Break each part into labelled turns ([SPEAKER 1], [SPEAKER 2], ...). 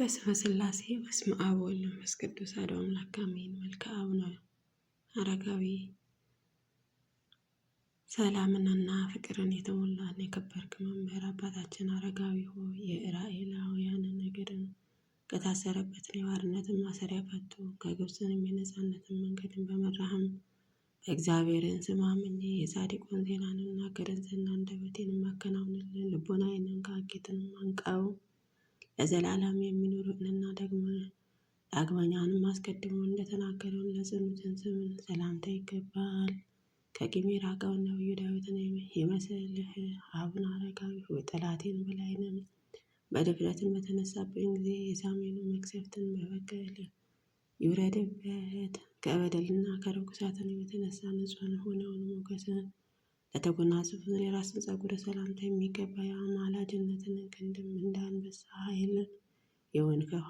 [SPEAKER 1] በስመ ስላሴ በስመ አብ ወወልድ ወመንፈስ ቅዱስ አሐዱ አምላክ አሜን። መልክዐ አቡነ አረጋዊ ሰላምንና ፍቅርን የተሞላን የከበርክ መምህር አባታችን አረጋዊ ሆይ የእስራኤላውያንን ነገርን ከታሰረበትን የባርነትን ማሰሪያ ፈቶ ከግብፅንም የነፃነትን መንገድን በመራህም እግዚአብሔርን ስማ ምኔ የጻድቁን ዜናንና ገረዝና አንደበቴን ማከናውንልን ልቦናዬንም ከሀኬትን አንቀው ለዘላለም የሚኖር ደግሞ ዳግመኛንም አስቀድሞ እንደተናገረው ለጽኑትን ስም ሰላምታ ይገባል። ከቂም የራቀውን ነቢዩ ዳዊትን የመሰለህ አቡነ አረጋዊ ሆይ ጠላቴን በላይንም በድፍረትን በተነሳብኝ ጊዜ የሳሜኑ መቅሰፍትን በበቀል ይውረድበት። ከበደልና ከርኩሳትን የተነሳ ንጹህን ሆነውን ሞገስን ለተጎናጸፉ የራስን ጸጉረ ሰላምታ የሚገባ የአማላጅነትን ክንድም እንደ አንበሳ ኃይል የሆንከው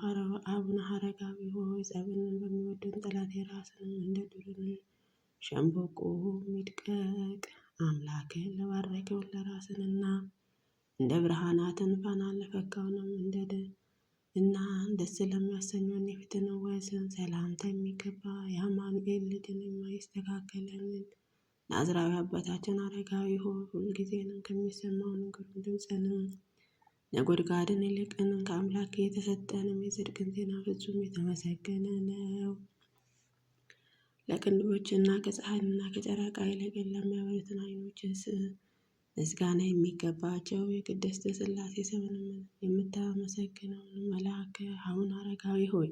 [SPEAKER 1] አቡነ ሐረጋዊ ሆይ ጸብንም በሚወደን ጠላት የራስንም እንደ ዱርን ሸምበቆ ሚድቀቅ አምላክን ለባረከውን ለራስንና እንደ ብርሃናትን ፋናን ለፈካውንም እንደ እና ደስ ለሚያሰኘውን የፊትን ወዝን ሰላምታ የሚገባ የአማኑኤል ልጅን የማይስተካከልን ናዝራዊ አባታችን አረጋዊ ሆይ ሁልጊዜንም ከሚሰማው ነገር ድምፅንም ነጎድጓድን ይልቅንም ከአምላክ የተሰጠንም የጽድቅን ዜና ፍጹም የተመሰገነ ነው። ለቅንዶች እና ከፀሐይና ከጨረቃ ይልቅ ለሚያበሩትን ዓይኖችስ ምስጋና የሚገባቸው የቅድስት ስላሴ ስምን የምታመሰግነውን መልአክ አሁን አረጋዊ ሆይ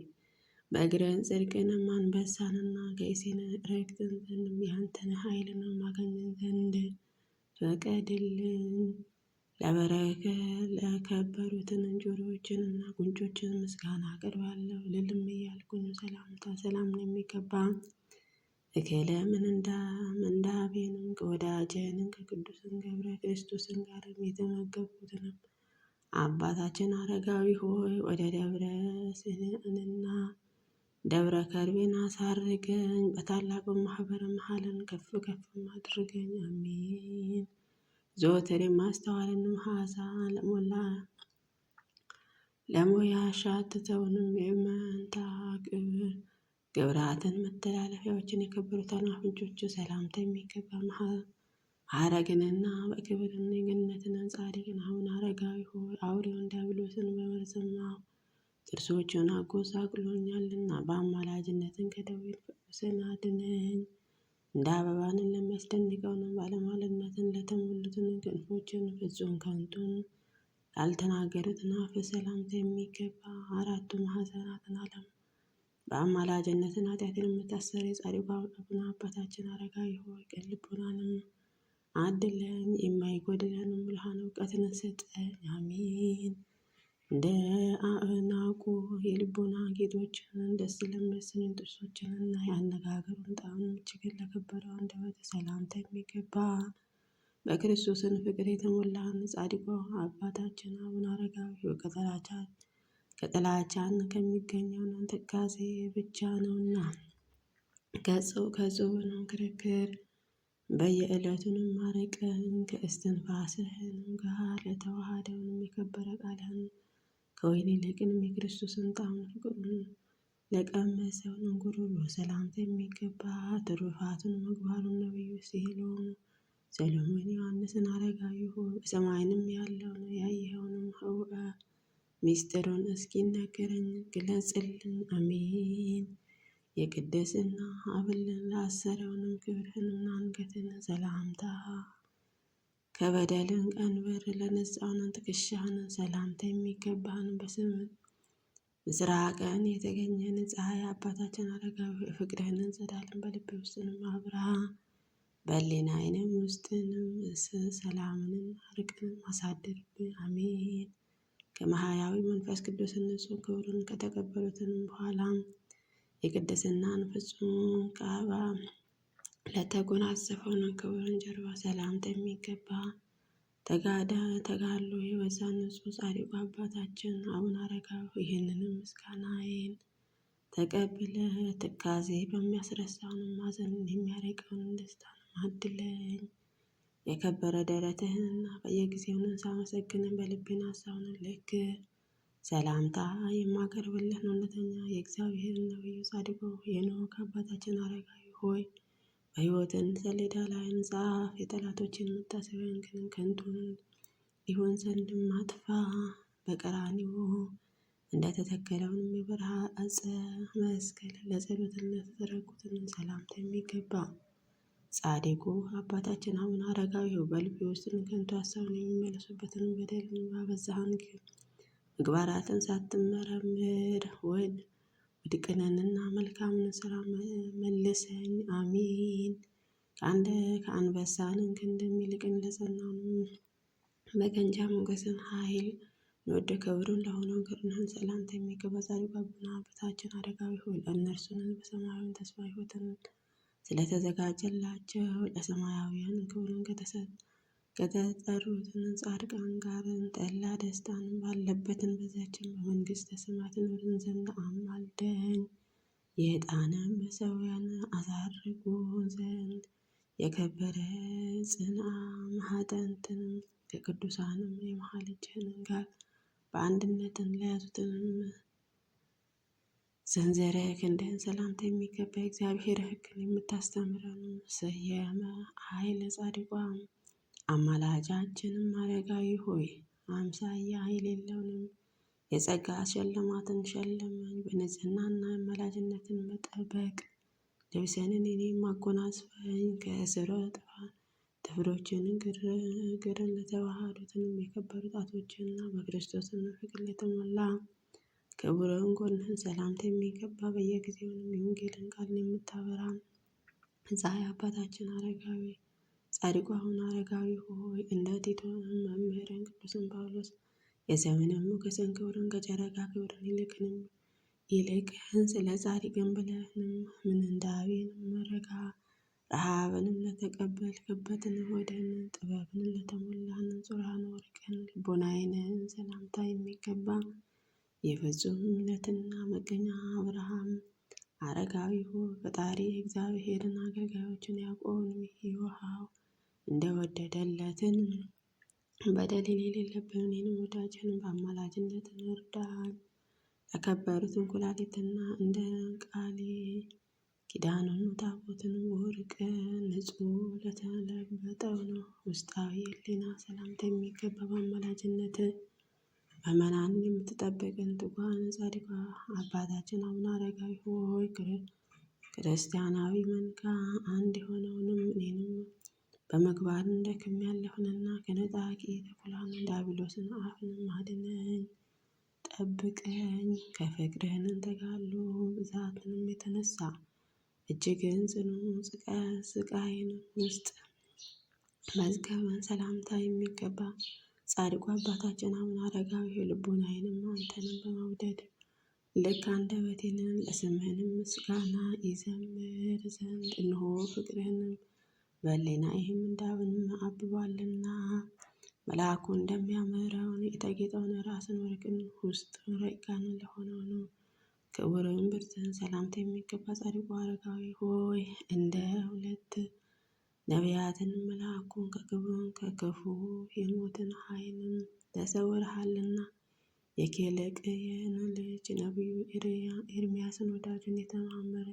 [SPEAKER 1] በእግርህን ጽድቅንም አንበሳንና ገይሴን ረግጥን ዘንድ ያንተን ኃይልን ማገኘን ዘንድ ፈቀድልን። ለበረከ ለከበሩትን ጆሮዎችን እና ጉንጮችን ምስጋና አቅርባለሁ። ልልም እያልኩኝ ሰላምታ ሰላም የሚገባ እከለ ምንዳ ምንዳቤንም ከወዳጄንም ከቅዱስን ገብረ ክርስቶስን ጋርም የተመገብኩትንም አባታችን አረጋዊ ሆይ ወደ ደብረ ስንዕንና ደብረ ከርቤን አሳርገኝ በታላቁ ማህበረ መሃልን ከፍ ከፍ አድርገኝ። አሜን። ዘወትር ማስተዋልን ሐሳን ለሞላ ለሙያ ሻትተውንም የመንታ ግብራትን መተላለፊያዎችን የከበሩትን አፍንጮቹ ሰላምታ የሚገባ ሐረግንና በክብርን የገነትን ግን አሁን አረጋዊ ሆይ አውሬውን ዲያብሎስን በመርዝማ ጥርሶቹን አጎሳቅሎኛልና በአማላጅነትን ከደዌ ፈውስን አድነኝ። እንደ አበባንን ለሚያስደንቀው ነው ባለሟልነትን ለተሞሉትን ክንፎችን ፍጹም ከንቱን ላልተናገሩትን አፍ ሰላምታ የሚገባ አራቱ ማዕዘናትን ዓለም በአማላጅነትን ኃጢአትን የምታሰር የጻድቁ አቡነ አባታችን አረጋዊ ሆይ ቅን ልቡናንም አድለን የማይጎድለን ብልሃን እውቀትን ስጠን። አሜን። እንደ የልቦና ጌጦችን ደስ ለሚያሰኙን ጥርሶችን እና የአነጋገሩን ጣዕም እጅግን ለከበረው አንደበት ሰላምታ የሚገባ በክርስቶስን ፍቅር የተሞላን ጻድቁ አባታችን አቡነ አረጋዊ ከጥላቻን ከሚገኘው እንቅስቃሴ ብቻ ነውና ከጽኑ ነው ክርክር በየዕለቱንም ማረቅህን ከእስትንፋስህን ጋር ለተዋሃደውን የከበረ ቃልህን ከወይን ይልቅንም የክርስቶስን ጣዕም ፍቅሩን ለቀመሰው እንጉርጉሮ ሰላምታ የሚገባ ትሩፋቱን ምግባሩን ነቢዩ ሲሎም ሰሎሞን ዮሐንስን አረጋዊ ሆይ በሰማይንም ያለውን ያየኸውንም ኅውአ ሚስጢሩን እስኪነገረኝ ግለጽልን። አሜን። የቅድስና አብልን ላሰረውንም ክብርህንና አንገትን ሰላምታ ከበደልን ቀንበር ለነጻውን ትከሻህን ሰላምታ የሚገባህን በስም ምስራቅን የተገኘን ፀሐይ አባታችን አረጋዊ ፍቅርህንን እንጸዳለን። በልብ ውስጥንም አብራ በሌና አይንም ውስጥንም ሰላምንም አርቅን አሳድርብን አሜን። ከመሀያዊ መንፈስ ቅዱስ ንጹህ ክብርን ከተቀበሉትንም በኋላ የቅድስናን ፍጹም ቃባ ለተጎናጸፈውን ክቡርን ጀርባ ሰላምታ የሚገባ ተጋዳ ተጋድሎ የበዛ ንጹሕ ጻድቁ አባታችን አቡነ አረጋዊ ይህንንም ምስጋናዬን ተቀብለህ ትካዜ በሚያስረሳውን ማዘን የሚያረቀውን ደስታን አድለኝ። የከበረ ደረትህንና በየጊዜውን ሳመሰግንን በልቤን ሀሳውን ልክ ሰላምታ የማቀርብልህ እውነተኛ የእግዚአብሔር ነቢዩ ጻድቁ የኖህ አባታችን አረጋዊ ሆይ በህይወትን ሰሌዳ ላይ እንጻፍ የጠላቶችን መታሰቢያን ግን ከንቱን ይሆን ዘንድም አጥፋ። በቀራንዮ እንደተተከለውንም የበረሃ አጸ መስቀል ለጸሎትና ለተዘረጉትን ሰላምታ የሚገባ ጻድቁ አባታችን አቡነ አረጋዊ በልቤ ውስጥ ከንቱ ሀሳብን የሚመለሱበትን በደልን ባበዛህን ምግባራትን ሳትመረምር ወድ ድቅንንና መልካምን ስራ መለሰኝ። አሜን። ከአንድ ከአንበሳንን ክንድ የሚልቅን ለጸናውን በቀንጃ ሞገስን ኃይል ንወደ ክብሩን ለሆነው ግርናን ሰላምታ የሚገባ ጻድቁ አቡነ አባታችን አረጋዊ ሆይ እነርሱንም በሰማያዊ ተስፋ ሕይወትን ስለተዘጋጀላቸው ለሰማያውያን ክብሩን ከተሰጠ ከተጠሩትን ጻድቃን ጋር ጠላ ደስታን ባለበትን በዚያችን በመንግሥተ ሰማያትን ወርን ዘንድ አማልደን። የዕጣንም መሠዊያን አሳርጉን ዘንድ የከበረ ጽንዓ ማኅጠንትንም ከቅዱሳንም የመሐልጅህንን ጋር በአንድነትን ለያዙትንም ዘንዘረ ክንድህን ሰላምታ የሚገባ እግዚአብሔር ሕግን የምታስተምረን ሰየመ ኃይለ ጻድቋም አማላጃችንም አረጋዊ ሆይ አምሳያ የሌለውንም የጸጋ ሽልማትን ሸልመን በንጽህናና አማላጅነትን መጠበቅ ልብሰንን እኔም አጎናጽፈኝ ከእስረ ጥፋት ጥፍሮችንን ግርን ለተዋሃዱትንም የከበሩ ጣቶችና በክርስቶስን ፍቅር ለተሞላ ክቡርን ጎንህን ሰላምታ የሚገባ በየጊዜውንም የወንጌልን ቃልን የምታበራ ፀሐይ አባታችን አረጋዊ ጻድቁ አቡነ አረጋዊ ሆይ እንደ ቲቶ መምህርን ቅዱስን ጳውሎስ የዘመነ ሞገስን ክብርን ከጨረቃ ክብርን ይልቅንም ይልቅህን ስለ ጻድቅን ብለህንም ምንንዳቤንም ረጋ ረሃብንም ለተቀበልክበትን ወደን ጥበብንም ለተሞላህን ጹራን ወርቅን ልቦናይንህን ሰላምታ የሚገባ የፍጹም እምነትና መገኛ አብርሃም አረጋዊ ሆይ ፈጣሪ እግዚአብሔርን አገልጋዮችን ያዕቆብን ይውሃው እንደወደደለትን በደል የሌለብን እኔንም ወዳጄንም በአማላጅነት እርዳን። ያከበሩትን ኩላሊትና እንደ ቃሌ ኪዳኑን ታቦትን ወርቅ ንጹ ለተለበጠው ነው ውስጣዊ ሕሊና ሰላምታ የሚገባ በአማላጅነት በመናን የምትጠብቅን ትጓን ጸድቋ አባታችን አቡነ አረጋዊ ሆይ ክርስቲያናዊ መንጋ አንድ የሆነውንም እኔንም በምግባር እንደክም ያለሁንና ከነጣቂ ተኩላን ዲያብሎስን አፍን አድነኝ ጠብቀኝ ከፍቅርህን እንተጋሉ ብዛትንም የተነሳ እጅግን ጽኑ ስቃይን ውስጥ መዝገብን ሰላምታ የሚገባ ጻድቁ አባታችን አቡነ አረጋዊ ልቡናዬንም አንተንም በመውደድ ልክ አንደበቴንም ለስምህንም ምስጋና ይዘምር ዘንድ እንሆ ፍቅርህንም በሕሊናዬም ይህም አብን አብቧልና መልአኩ እንደሚያምረውን የተጌጠውን ራስን ወርቅን ውስጥ ረቂቃንን ለሆነው ነው። ክቡርን ብርትን ሰላምታ የሚገባ ጻድቁ አረጋዊ ሆይ እንደ ሁለት ነቢያትን መልአኩን ከክብሩን ከክፉ የሞትን ኃይልን ተሰውረሃልና የኬልቅያን ልጅ ነቢዩ ኤርምያስን ወዳጁን የተማመረ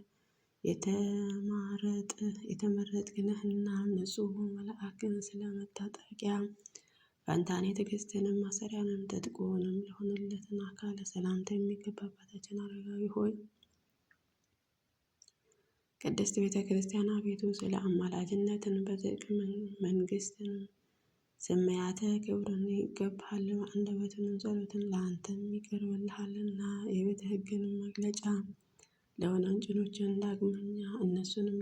[SPEAKER 1] የተመረጥህ ነህና ንጹህ መልአክን ስለ መታጠቂያ ፈንታኔ ትዕግስትንም ማሰሪያንም ትጥቁንም ለሆነለትን አካለ ሰላምታ የሚገባ አባታችን አረጋዊ ሆይ ቅድስት ቤተ ክርስቲያን አቤቱ ስለ አማላጅነትን በጥቅ መንግስትን ስመያተ ክብርን ይገባሃል። አንደበትን ጸሎትን ለአንተም ይቀርብልሃልና የቤተ ሕግንም መግለጫ ለወናንጭኖችን ዳግመኛ እነሱንም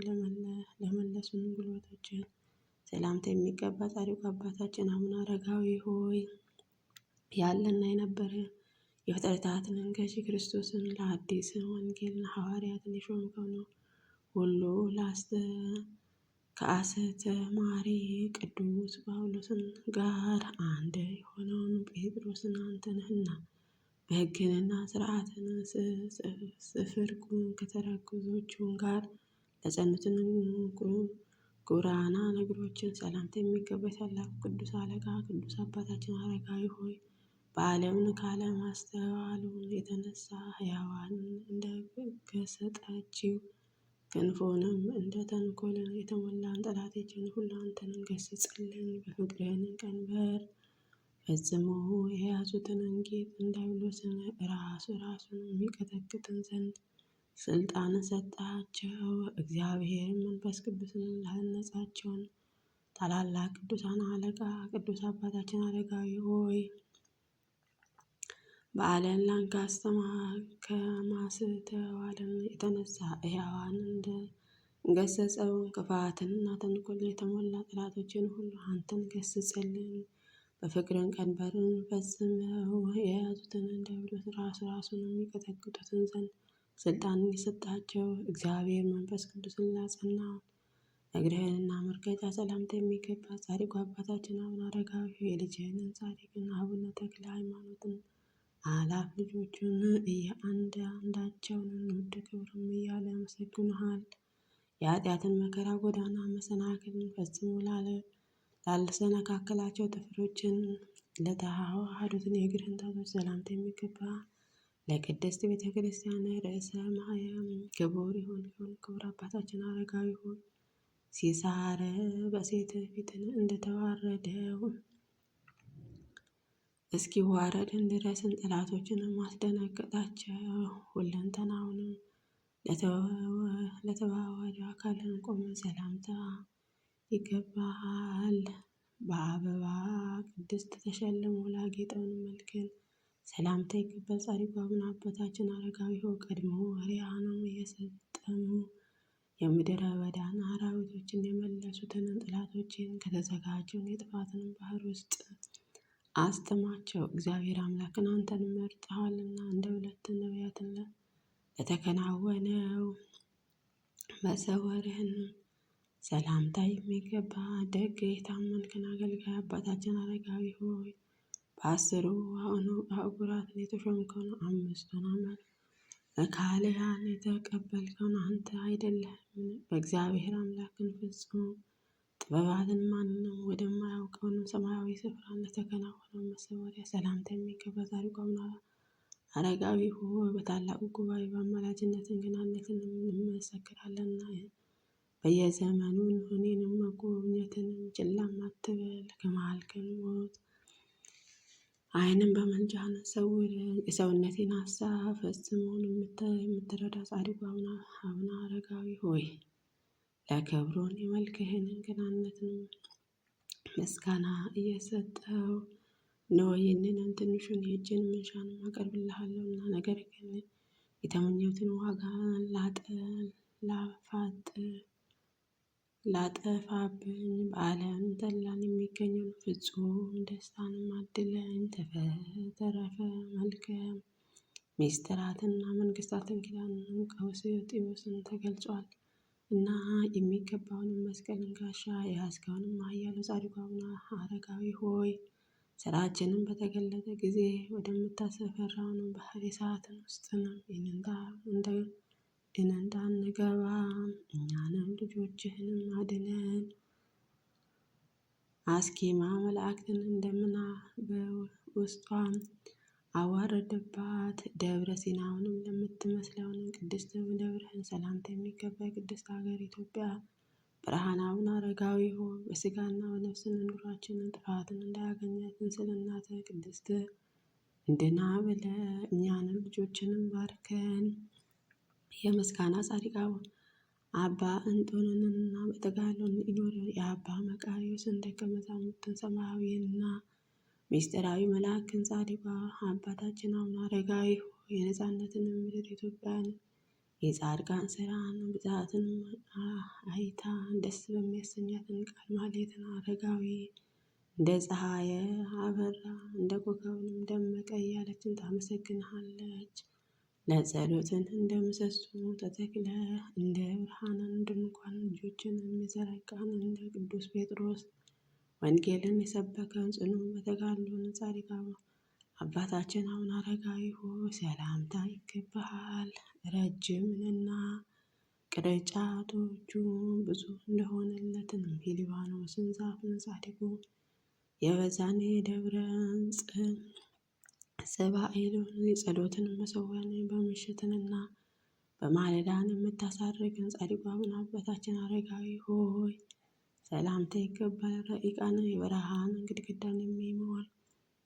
[SPEAKER 1] ለመለሱን ጉልበቶችን ሰላምታ የሚገባ ጻድቁ አባታችን አቡነ አረጋዊ ሆይ ያለና የነበረ የፍጥረታትን ገዢ ክርስቶስን ለአዲስ ወንጌል ሐዋርያትን የሾምከው ነው ሁሉ ላስተ ከአሰተ ማሪ ቅዱስ ጳውሎስን ጋር አንድ የሆነውን ጴጥሮስን አንተ ነህና በህግንና ስርዓትን ስፍር ከተረከዞቹም ጋር ለጸኑትን ጉራና ነገሮችን ሰላምታ የሚገባ ታላቁ ቅዱስ አለቃ ቅዱስ አባታችን አረጋዊ ሆይ በዓለምን ካለማስተዋሉ የተነሳ ሕያዋንን እንደገሰጣችው ክንፎንም እንደ ተንኮልን የተሞላን ጠላቶችን ሁሉ አንተን ገስጽልን፣ በፍቅርህን ቀንበር ፈጽሞ የያዙትን እንጌጥ እንዳይብሉስን ራሱ ራሱን የሚቀጠቅጥን ዘንድ ስልጣን ሰጣቸው። እግዚአብሔር መንፈስ ቅዱስን ላነጻቸውን ታላላቅ ቅዱሳን አለቃ ቅዱስ አባታችን አረጋዊ ሆይ በዓለም ላንካስተማ ከማስተዋልን የተነሳ እያዋን እንደ ገሰጸው ክፋትን እና ተንኮል የተሞላ ጥላቶችን ሁሉ አንተን ገስጸልን። በፍቅርን ቀንበርን ፈጽመው የያዙትን እንደ ራስ ራሱን የሚቀጠቅጡትን ዘንድ ስልጣንን የሰጣቸው እግዚአብሔር መንፈስ ቅዱስን ላጸናው እግርህንና መርገጫ ሰላምታ የሚገባ ጻድቁ አባታችን አቡነ አረጋዊ የልጅህንን ጻድቅን አቡነ ተክለ ሃይማኖትን አላፍ ልጆቹን እየአንድ አንዳቸውን ውድ ክብርም እያለ ያመሰግኑሃል። የኃጢአትን መከራ ጎዳና መሰናክልን ፈጽሞ ላለ ላልሰነካከላቸው ጥፍሮችን ለተዋሃዱት የእግር ህንፃዎች ሰላምታ የሚገባ ለቅድስት ቤተ ክርስቲያን ርዕሰ መሀያም ክቡር ይሁን ይሁን ክቡር አባታችን አረጋዊ ይሁን ሲሳረ በሴት ፊት እንደተዋረደው እስኪ ዋረድን ድረስን ጠላቶችንም አስደነገጣቸው። ሁለንተናውንም ለተዋወደ አካልን ቆመ ሰላምታ ይገባሃል። በአበባ ቅድስት ተሸልሞ ላጌጠውን መልክን ሰላምታ ይገባል። ጻድቁ አቡነ አባታችን አረጋዊ ሆይ ቀድሞ አርያኖም እየሰጠሙ የምድረ በዳን አራዊቶችን የመለሱትንም ጥላቶችን ከተዘጋጀውን የጥፋትን ባህር ውስጥ አስተማቸው። እግዚአብሔር አምላክን አንተን መርጠሃልና እንደ ሁለት ነቢያትን ለተከናወነው መሰወርህንም ሰላምታ የሚገባ ደግ የታመንክን አገልጋይ አባታችን አረጋዊ ሆይ በአስሩ አሁኑ አህጉራትን የተሾምከውን አምስቱን አማል ከካህሊያን የተቀበልከውን አንተ አይደለህም። በእግዚአብሔር አምላክን ፍጹም ጥበባትን ማንም ወደማያውቀውንም ሰማያዊ ስፍራ ለተከናወነው መሰወሪያ ሰላምታ የሚገባ ጻድቁ አቡነ አረጋዊ ሆይ በታላቁ ጉባኤ በአማላጅነት እንግናነትን እንመሰክራለንና በየዘመኑ እኔንም መጎብኘትንም ችላም አትበል ከመሃል ሞት ዓይንን በመንጃ ሰውር የሰውነቴን ሀሳብ ፈጽሞን የምትረዳ ጻድቁ አቡነ አረጋዊ ሆይ ለክብሮን የመልክህን ገናነትን ምስጋና እየሰጠው ነው። ይህንን ትንሹን የእጅን ምንሻን አቀርብልሃለሁና ነገር ግን የተመኘሁትን ዋጋ ላጠ ላፋጥ ላጠፋብኝ በዓለም ጠላን የሚገኘው ፍጹም ደስታንም አድለኝ ተፈተረፈ መልከ ሚስጥራትና መንግስታትን ኪዳንን ጢሮስን ተገልጿል እና የሚገባውንም መስቀልን ጋሻ የያዝከውንም ኃያሉ ጻድቋና አረጋዊ ሆይ ስራችንን በተገለጠ ጊዜ ወደምታሰፈራውን ባህር ሰዓትን ውስጥንም ይህንን እንደ ግን እንዳንገባ እኛንም ልጆችህንም አድነን። አስኬማ መላእክትን እንደምናበው ውስጧም አዋረደባት። ደብረ ሲናውንም ለምትመስለውን ቅድስት ደብረህን ሰላምታ የሚገባ ቅድስት ሀገር ኢትዮጵያ ብርሃናውን አረጋዊ ሆን በስጋና በነፍስን ኑሯችንን ጥፋትን እንዳያገኛትን ስለ እናተ ቅድስት እንድና ብለ እኛንም ልጆችንም ባርከን። የምስጋና ጻድቃው አባ እንጦንንና በተጋድሎ ይኖር የአባ መቃርዮስን ደቀ መዛሙርትን ሰማያዊና ሚስጢራዊ መልአክን ጻድቋ አባታችን አቡነ አረጋዊ ሆይ የነጻነትን ምድር ኢትዮጵያን የጻድቃን ስራን ብዛትን አይታ ደስ በሚያሰኛትን ቃል ማሌትን አረጋዊ እንደ ፀሐየ አበራ እንደ ኮከብንም ደመቀ እያለችን ታመሰግንሃለች። ለጸሎትን እንደ ምሰሶ ተተክለህ እንደ ብርሃንን ድንኳን ልጆችን የሚዘረጋን እንደ ቅዱስ ጴጥሮስ ወንጌልን የሰበከን ጽኑ በተጋድሎን ጻድቅ አባታችን አቡነ አረጋዊ ሆይ ሰላምታ ይገባሃል። ረጅምንና ቅርጫቶቹ ብዙ እንደሆነለትን የሊባኖስን ዛፍን ጻድቁ የበዛን የደብረ ጽን ሰባኤል የጸሎትን መሰወን በምሽትንና በማለዳን የምታሳርግን ጻድቋ ምን አባታችን አረጋዊ ሆይ ሰላምታ ይገባል። ረቂቃን የበረሃን ግድግዳን የሚሞል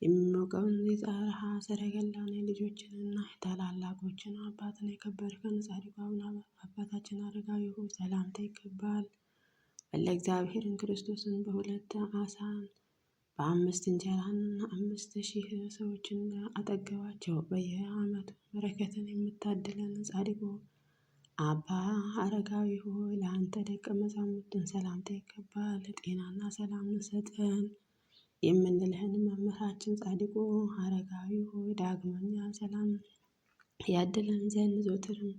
[SPEAKER 1] የሚሞቀውን የጸረሃ ሰረገላን የልጆችንና የታላላቆችን አባትን የከበርከን ጻድቋ ምን አባታችን አረጋዊ ሆይ ሰላምታ ይገባል። ለእግዚአብሔርን ክርስቶስን በሁለት አሳን በአምስት እንጀራና አምስት ሺህ ሰዎችን አጠገባቸው። በየዓመቱ በረከትን የምታድለን ጻድቁ አባ አረጋዊ ሆይ ለአንተ ደቀ መዛሙርትን ሰላምታ ይገባል። ጤናና ሰላምን ሰጠን የምንልህን መምህራችን ጻድቁ አረጋዊ ሆይ ዳግመኛ ሰላም ያድለን ዘንድ ዞትርም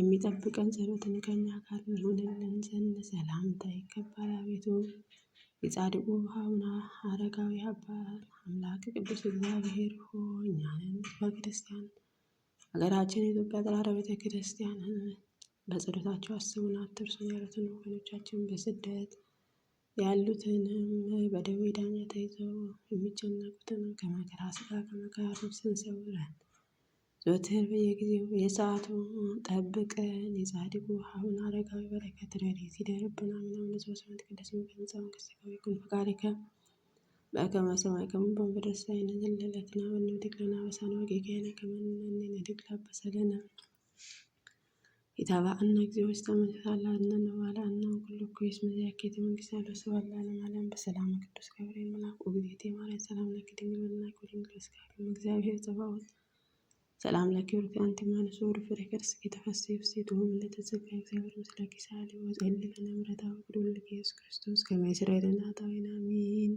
[SPEAKER 1] የሚጠብቀን ጸሎትን ከኛ ጋር ይሁንልን ዘንድ ሰላምታ ይገባል አቤቱ የጻድቁ አቡነ አረጋዊ አባት አምላክ ቅዱስ እግዚአብሔር ሆይ እኛንም ሕዝበ ክርስቲያን ሀገራችን የኢትዮጵያ ጥላራ ቤተ ክርስቲያን በጸሎታቸው አስቡን አትርሱን ያሉትን ወገኖቻችን በስደት ያሉትንም በደዌ ዳኛ ተይዘው የሚጨነቁትን ከመከራ ሥጋ ከመከራ ነፍስን ሰውረን ዘወትር በየጊዜው የሰዓቱ ጠብቀን የጻድቁ አቡነ አረጋዊ በረከት ረድኤት ይደርብን። አሜን። ለዘወ ቅዱስ ሚቀንጸ መንግሥት ይኩን ፈቃድከ በከመ በሰማይ ከማሁ በምድር ሲሳየነ ዘለለዕለትነ ሀበነ ለነ አበሳነ ወጌጋየነ ከመ ንሕነግ ለአበሳነ ኢታብአነ እግዚኦ ውስተ መንፈሳነ ወባልዓነ ኩሉ እኩይ እስመ ዘያኬት መንግሥተ ሰብእ ለዓለም አለም በሰላም ቅዱስ ገብርኤል መልአኩ እግዚእቴ ማርያም ሰላም ለኪ ድንግል ወለነ እግዚአብሔር ጸባኦት ሰላም ለኪ ወርክ አንቲ ማነሱ ወርፍሬ ከርስ ጌታፈስ ፍሴት ሆም ለተዘጋ እግዚአብሔር ምስለኪ ሳሌ ወጸልለነ ምረታ ወቅዱል ኢየሱስ ክርስቶስ ከመይ ስራይልና ጣዊና አሜን።